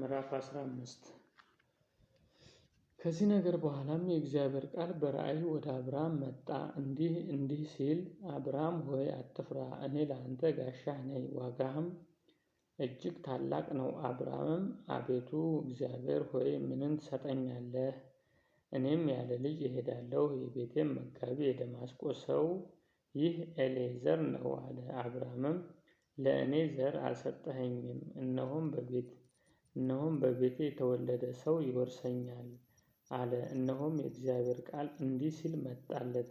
ምዕራፍ 15 ከዚህ ነገር በኋላም የእግዚአብሔር ቃል በራእይ ወደ አብርሃም መጣ፣ እንዲህ እንዲህ ሲል አብርሃም ሆይ አትፍራ፣ እኔ ለአንተ ጋሻ ነኝ፣ ዋጋህም እጅግ ታላቅ ነው። አብርሃምም አቤቱ እግዚአብሔር ሆይ ምንን ትሰጠኛለህ? እኔም ያለ ልጅ እሄዳለሁ፣ የቤቴም መጋቢ የደማስቆ ሰው ይህ ኤሌዘር ነው አለ። አብርሃምም ለእኔ ዘር አልሰጠኸኝም፣ እነሆም በቤት እነሆም በቤቴ የተወለደ ሰው ይወርሰኛል አለ። እነሆም የእግዚአብሔር ቃል እንዲህ ሲል መጣለት፣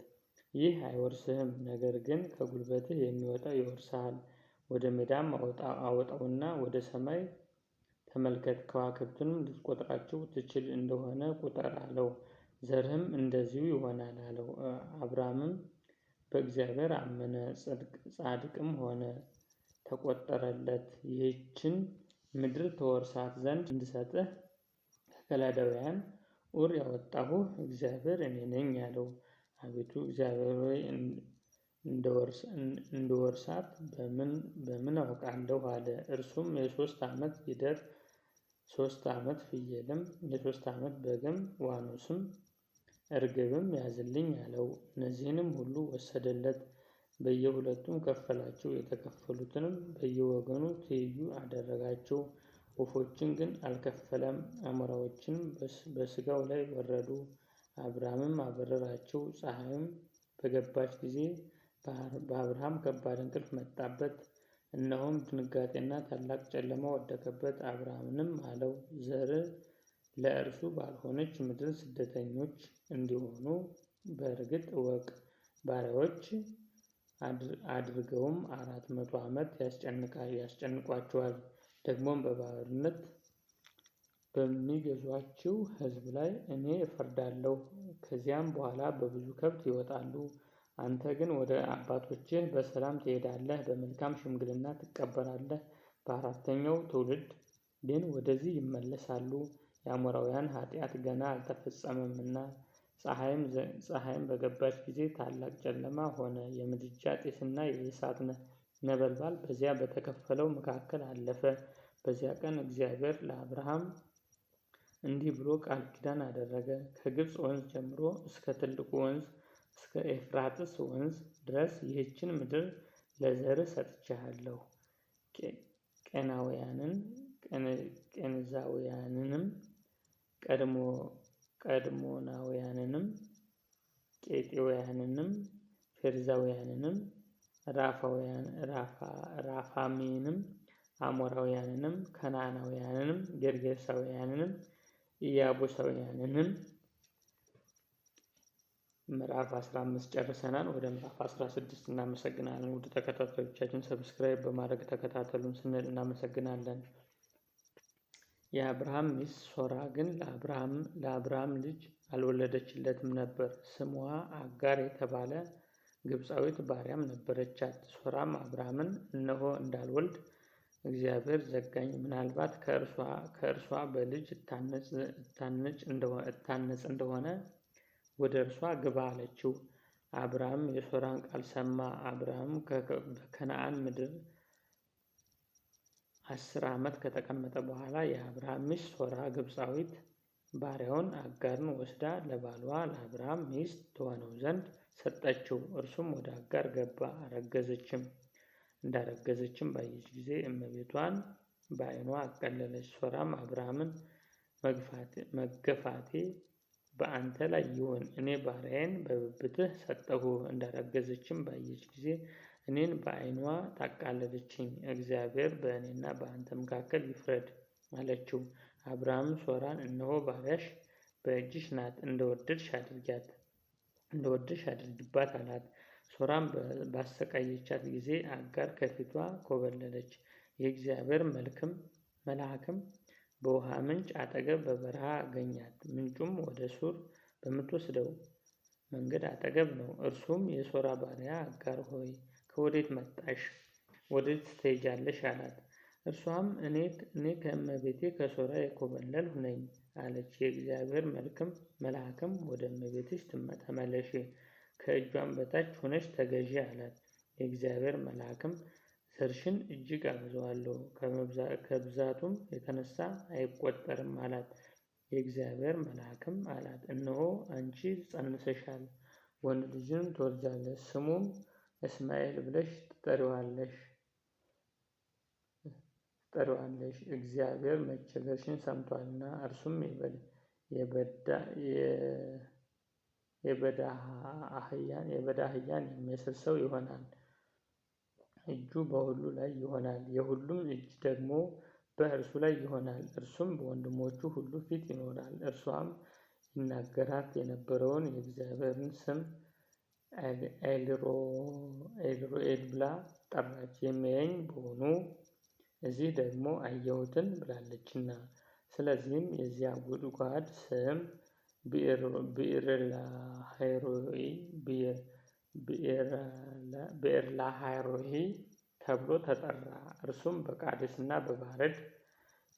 ይህ አይወርስህም፣ ነገር ግን ከጉልበትህ የሚወጣው ይወርስሃል። ወደ ሜዳም አወጣውና ወደ ሰማይ ተመልከት፣ ከዋክብትንም ልትቆጥራቸው ትችል እንደሆነ ቁጠር አለው። ዘርህም እንደዚሁ ይሆናል አለው። አብርሃምም በእግዚአብሔር አመነ፣ ጻድቅም ሆነ፣ ተቆጠረለት። ይህችን ምድር ተወርሳት ዘንድ እንድሰጥህ ከከላዳውያን ኡር ያወጣሁ እግዚአብሔር እኔ ነኝ ያለው። አቤቱ እግዚአብሔር ሆይ እንድወርሳት በምን አውቃለሁ አለ። እርሱም የሶስት ዓመት ጊደር፣ ሶስት ዓመት ፍየልም፣ የሶስት ዓመት በግም፣ ዋኖስም፣ እርግብም ያዝልኝ አለው። እነዚህንም ሁሉ ወሰደለት። በየሁለቱም ከፈላቸው፣ የተከፈሉትንም በየወገኑ ትይዩ አደረጋቸው። ወፎችን ግን አልከፈለም። አሞራዎችንም በስጋው ላይ ወረዱ። አብርሃምም አበረራቸው። ፀሐይም በገባች ጊዜ በአብርሃም ከባድ እንቅልፍ መጣበት። እነሆም ድንጋጤና ታላቅ ጨለማ ወደቀበት። አብርሃምንም አለው ዘር ለእርሱ ባልሆነች ምድር ስደተኞች እንዲሆኑ በእርግጥ እወቅ ባሪያዎች አድርገውም አራት መቶ ዓመት ያስጨንቋቸዋል። ደግሞም በባርነት በሚገዟችው ሕዝብ ላይ እኔ እፈርዳለሁ። ከዚያም በኋላ በብዙ ከብት ይወጣሉ። አንተ ግን ወደ አባቶችህ በሰላም ትሄዳለህ፣ በመልካም ሽምግልና ትቀበላለህ። በአራተኛው ትውልድ ግን ወደዚህ ይመለሳሉ። የአሞራውያን ኃጢአት ገና አልተፈጸመምና ፀሐይም በገባች ጊዜ ታላቅ ጨለማ ሆነ። የምድጃ ጢስና የእሳት ነበልባል በዚያ በተከፈለው መካከል አለፈ። በዚያ ቀን እግዚአብሔር ለአብርሃም እንዲህ ብሎ ቃል ኪዳን አደረገ። ከግብፅ ወንዝ ጀምሮ እስከ ትልቁ ወንዝ እስከ ኤፍራጥስ ወንዝ ድረስ ይህችን ምድር ለዘር ሰጥቼሃለሁ። ቄናውያንን፣ ቄንዛውያንንም ቀድሞ ቀድሞናውያንንም ቄጤውያንንም ፌርዛውያንንም ራፋሜንም አሞራውያንንም ከናናውያንንም ጌርጌሳውያንንም ኢያቡሳውያንንም ምዕራፍ 15 ጨርሰናል። ወደ ምዕራፍ 16 እናመሰግናለን። ውድ ተከታታዮቻችን ሰብስክራይብ በማድረግ ተከታተሉን ስንል እናመሰግናለን። የአብርሃም ሚስት ሶራ ግን ለአብርሃም ልጅ አልወለደችለትም ነበር። ስሟ አጋር የተባለ ግብፃዊት ባሪያም ነበረቻት። ሶራም አብርሃምን እነሆ እንዳልወልድ እግዚአብሔር ዘጋኝ፣ ምናልባት ከእርሷ በልጅ እታነጽ እንደሆነ ወደ እርሷ ግባ አለችው። አብርሃም የሶራን ቃል ሰማ። አብርሃም በከነአን ምድር አስር ዓመት ከተቀመጠ በኋላ የአብርሃም ሚስት ሶራ ግብፃዊት ባሪያውን አጋርን ወስዳ ለባሏ ለአብርሃም ሚስት ትሆነው ዘንድ ሰጠችው። እርሱም ወደ አጋር ገባ፣ አረገዘችም። እንዳረገዘችም ባየች ጊዜ እመቤቷን በዓይኗ አቀለለች። ሶራም አብርሃምን መገፋቴ በአንተ ላይ ይሁን፣ እኔ ባሪያዬን በብብትህ ሰጠሁ። እንዳረገዘችም ባየች ጊዜ እኔን በዓይኗ ታቃለለችኝ፣ እግዚአብሔር በእኔና በአንተ መካከል ይፍረድ አለችው። አብርሃም ሶራን፣ እነሆ ባሪያሽ በእጅሽ ናት፣ እንደወደድሽ አድርጊያት እንደወደድሽ አድርጊባት አላት። ሶራን ባሰቃየቻት ጊዜ አጋር ከፊቷ ኮበለለች። የእግዚአብሔር መልክም መልአክም በውሃ ምንጭ አጠገብ በበረሃ አገኛት። ምንጩም ወደ ሱር በምትወስደው መንገድ አጠገብ ነው። እርሱም የሶራ ባሪያ አጋር ሆይ ከወዴት መጣሽ? ወዴት ትሄጃለሽ? አላት። እርሷም እኔ ከእመቤቴ ከሶርያ የኮበለልሁ ነኝ አለች። የእግዚአብሔር መልክም መልአክም ወደ እመቤትሽ ትመተመለሽ ከእጇም በታች ሆነች ተገዢ አላት። የእግዚአብሔር መልአክም ዘርሽን እጅግ አብዛዋለሁ፣ ከብዛቱም የተነሳ አይቆጠርም አላት። የእግዚአብሔር መልአክም አላት፣ እነሆ አንቺ ጸንሰሻል፣ ወንድ ልጅን ትወልጃለሽ ስሙም እስማኤል ብለሽ ትጠሪዋለሽ ትጠሪዋለሽ። እግዚአብሔር መቸገርሽን ሰምቷልና እርሱም የበዳ አህያን የሚመስል ሰው ይሆናል። እጁ በሁሉ ላይ ይሆናል፣ የሁሉም እጅ ደግሞ በእርሱ ላይ ይሆናል። እርሱም በወንድሞቹ ሁሉ ፊት ይኖራል። እርሷም ይናገራት የነበረውን የእግዚአብሔርን ስም ኤልሮኤል ብላ ጠራች፣ የሚያየኝ በሆኑ እዚህ ደግሞ አየሁትን ብላለችና። ስለዚህም የዚያ ጉድጓድ ስም ሃይሮሂ ተብሎ ተጠራ። እርሱም በቃዴስ እና በባረድ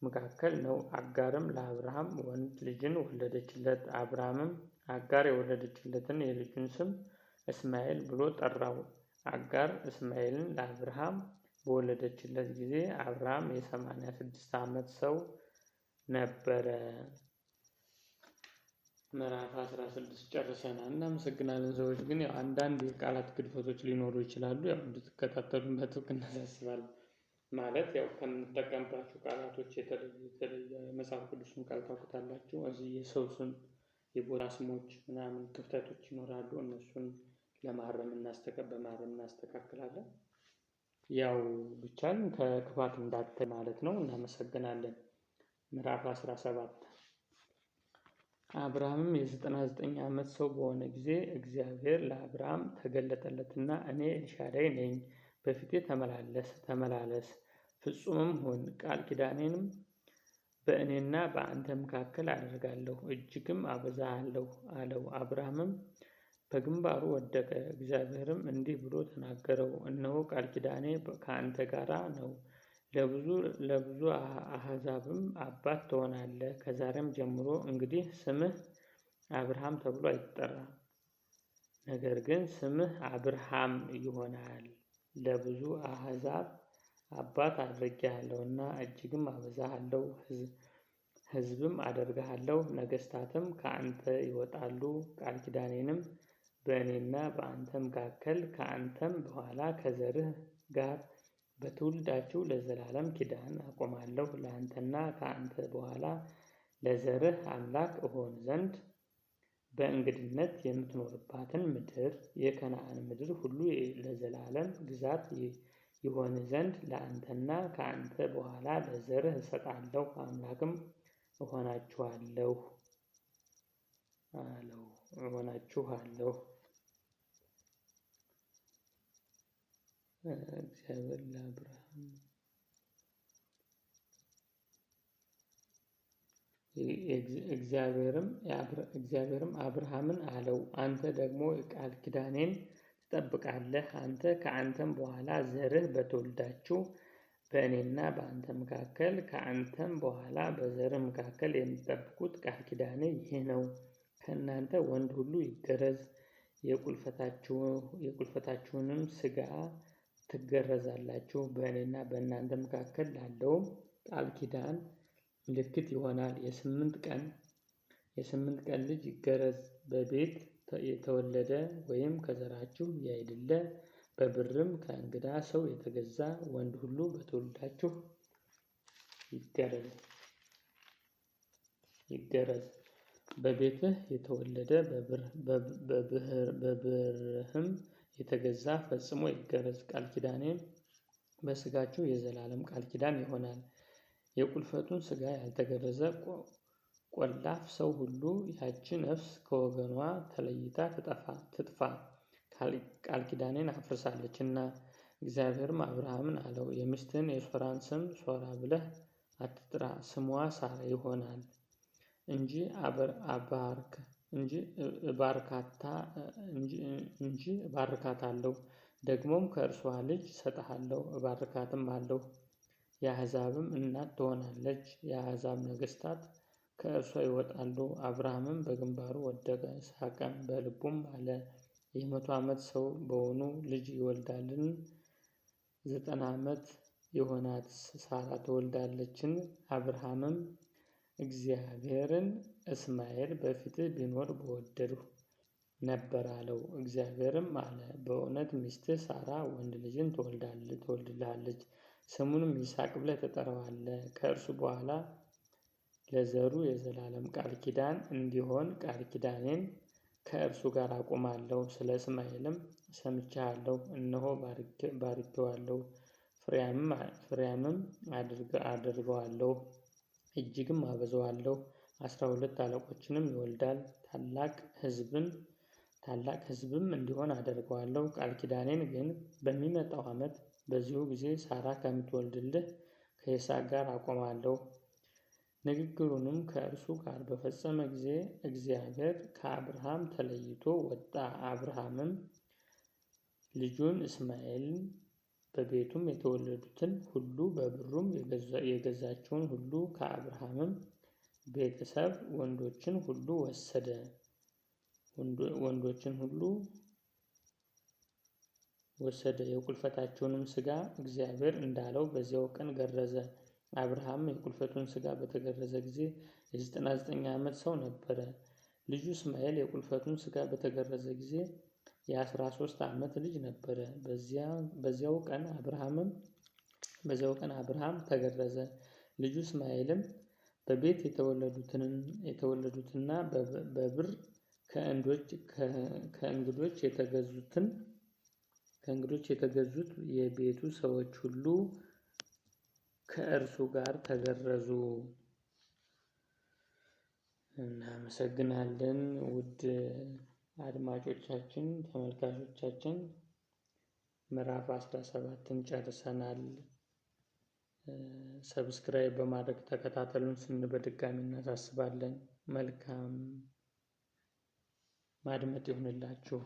መካከል ነው። አጋርም ለአብርሃም ወንድ ልጅን ወለደችለት። አብርሃምም አጋር የወለደችለትን የልጁን ስም እስማኤል ብሎ ጠራው። አጋር እስማኤልን ለአብርሃም በወለደችለት ጊዜ አብርሃም የ86 ዓመት ሰው ነበረ። ምዕራፍ 16 ጨርሰናል። እናመሰግናለን። ሰዎች ግን ያው አንዳንድ የቃላት ግድፈቶች ሊኖሩ ይችላሉ። ያው እንድትከታተሉን በጥብቅ እናሳስባለን። ማለት ያው ከምንጠቀምባቸው ቃላቶች የተለየ የተለየ የመጽሐፍ ቅዱስን ቃል ታውቁታላችሁ። እዚህ የሰው ስም፣ የቦታ ስሞች ምናምን ክፍተቶች ይኖራሉ። እነሱን ለማረም እናስተቀ በማህረም እናስተካክላለን። ያው ብቻን ከክፋት እንዳተ ማለት ነው። እናመሰግናለን። ምዕራፍ 17 አብርሃምም የ99 ዓመት ሰው በሆነ ጊዜ እግዚአብሔር ለአብርሃም ተገለጠለትና እኔ ኤልሻዳይ ነኝ፣ በፊቴ ተመላለስ ተመላለስ ፍጹምም ሁን፣ ቃል ኪዳኔንም በእኔና በአንተ መካከል አደርጋለሁ፣ እጅግም አበዛሃለሁ አለው። አብርሃምም በግንባሩ ወደቀ። እግዚአብሔርም እንዲህ ብሎ ተናገረው፣ እነሆ ቃል ኪዳኔ ከአንተ ጋር ነው፣ ለብዙ ለብዙ አሕዛብም አባት ትሆናለህ። ከዛሬም ጀምሮ እንግዲህ ስምህ አብርሃም ተብሎ አይጠራም፣ ነገር ግን ስምህ አብርሃም ይሆናል። ለብዙ አሕዛብ አባት እና እጅግም አበዛሃለሁ ሕዝብም አደርግሃለሁ። ነገስታትም ከአንተ ይወጣሉ፣ ቃል ኪዳኔንም በእኔና በአንተ መካከል ከአንተም በኋላ ከዘርህ ጋር በትውልዳችሁ ለዘላለም ኪዳን አቆማለሁ ለአንተና ከአንተ በኋላ ለዘርህ አምላክ እሆን ዘንድ በእንግድነት የምትኖርባትን ምድር የከነአን ምድር ሁሉ ለዘላለም ግዛት ይሆን ዘንድ ለአንተና ከአንተ በኋላ ለዘርህ እሰጣለሁ አምላክም እሆናችኋለሁ አለው እሆናችኋለሁ እግዚአብሔር ለአብርሃም እግዚአብሔርም አብርሃምን አለው፣ አንተ ደግሞ የቃል ኪዳኔን ትጠብቃለህ። አንተ ከአንተም በኋላ ዘርህ በትውልዳችሁ በእኔና በአንተ መካከል ከአንተም በኋላ በዘርህ መካከል የሚጠብቁት ቃል ኪዳኔ ይህ ነው። ከእናንተ ወንድ ሁሉ ይገረዝ፣ የቁልፈታችሁንም ስጋ ትገረዛላችሁ፣ በእኔና በእናንተ መካከል ላለውም ቃል ኪዳን ምልክት ይሆናል። የስምንት ቀን የስምንት ቀን ልጅ ይገረዝ፣ በቤት የተወለደ ወይም ከዘራችሁ ያይደለ፣ በብርም ከእንግዳ ሰው የተገዛ ወንድ ሁሉ በትውልዳችሁ ይገረዝ ይገረዝ። በቤትህ የተወለደ በብርህም የተገዛ ፈጽሞ ይገረዝ። ቃል ኪዳኔ በስጋችሁ የዘላለም ቃል ኪዳን ይሆናል። የቁልፈቱን ስጋ ያልተገረዘ ቆላፍ ሰው ሁሉ ያቺ ነፍስ ከወገኗ ተለይታ ትጥፋ፣ ቃል ኪዳኔን አፍርሳለች እና። እግዚአብሔርም አብርሃምን አለው የሚስትህን የሶራን ስም ሶራ ብለህ አትጥራ፣ ስሟ ሳራ ይሆናል እንጂ አባርክ እንጂ ባርካታ እንጂ ባርካታለሁ ደግሞም ከእርሷ ልጅ እሰጥሃለሁ እባርካትም አለሁ የአሕዛብም እናት ትሆናለች። የአሕዛብ ነገሥታት ከእርሷ ይወጣሉ። አብርሃምም በግንባሩ ወደቀ፣ ሳቀም፣ በልቡም አለ የመቶ ዓመት ሰው በሆኑ ልጅ ይወልዳልን? ዘጠና ዓመት የሆናት ሳራ ትወልዳለችን? አብርሃምም እግዚአብሔርን እስማኤል በፊትህ ቢኖር በወደድሁ ነበር አለው። እግዚአብሔርም አለ፣ በእውነት ሚስትህ ሳራ ወንድ ልጅን ትወልድልሃለች፣ ስሙንም ይስሐቅ ብለህ ትጠራዋለህ። ከእርሱ በኋላ ለዘሩ የዘላለም ቃል ኪዳን እንዲሆን ቃል ኪዳኔን ከእርሱ ጋር አቁማለሁ። ስለ እስማኤልም ሰምቻለሁ፣ እነሆ ባርኬዋለሁ፣ ፍሬያምም አድርገዋለሁ፣ እጅግም አበዛዋለሁ። አስራ ሁለት አለቆችንም ይወልዳል። ታላቅ ህዝብም ታላቅ እንዲሆን አደርገዋለሁ። ቃል ኪዳኔን ግን በሚመጣው ዓመት በዚሁ ጊዜ ሳራ ከምትወልድልህ ከይስሐቅ ጋር አቆማለሁ። ንግግሩንም ከእርሱ ጋር በፈጸመ ጊዜ እግዚአብሔር ከአብርሃም ተለይቶ ወጣ። አብርሃምም ልጁን እስማኤልን በቤቱም የተወለዱትን ሁሉ በብሩም የገዛቸውን ሁሉ ከአብርሃምም ቤተሰብ ወንዶችን ሁሉ ወሰደ። ወንዶችን ሁሉ ወሰደ። የቁልፈታቸውንም ስጋ እግዚአብሔር እንዳለው በዚያው ቀን ገረዘ። አብርሃም የቁልፈቱን ስጋ በተገረዘ ጊዜ የ99 ዓመት ሰው ነበረ። ልጁ እስማኤል የቁልፈቱን ስጋ በተገረዘ ጊዜ የ13 ዓመት ልጅ ነበረ። በዚያው ቀን አብርሃም ተገረዘ። ልጁ እስማኤልም በቤት የተወለዱትንን የተወለዱትና በብር ከእንዶች ከእንግዶች የተገዙትን ከእንግዶች የተገዙት የቤቱ ሰዎች ሁሉ ከእርሱ ጋር ተገረዙ። እናመሰግናለን ውድ አድማጮቻችን፣ ተመልካቾቻችን ምዕራፍ አስራ ሰባትን ጨርሰናል። ሰብስክራይብ በማድረግ ተከታተሉን ስንል በድጋሚ እናሳስባለን። መልካም ማድመጥ ይሁንላችሁ።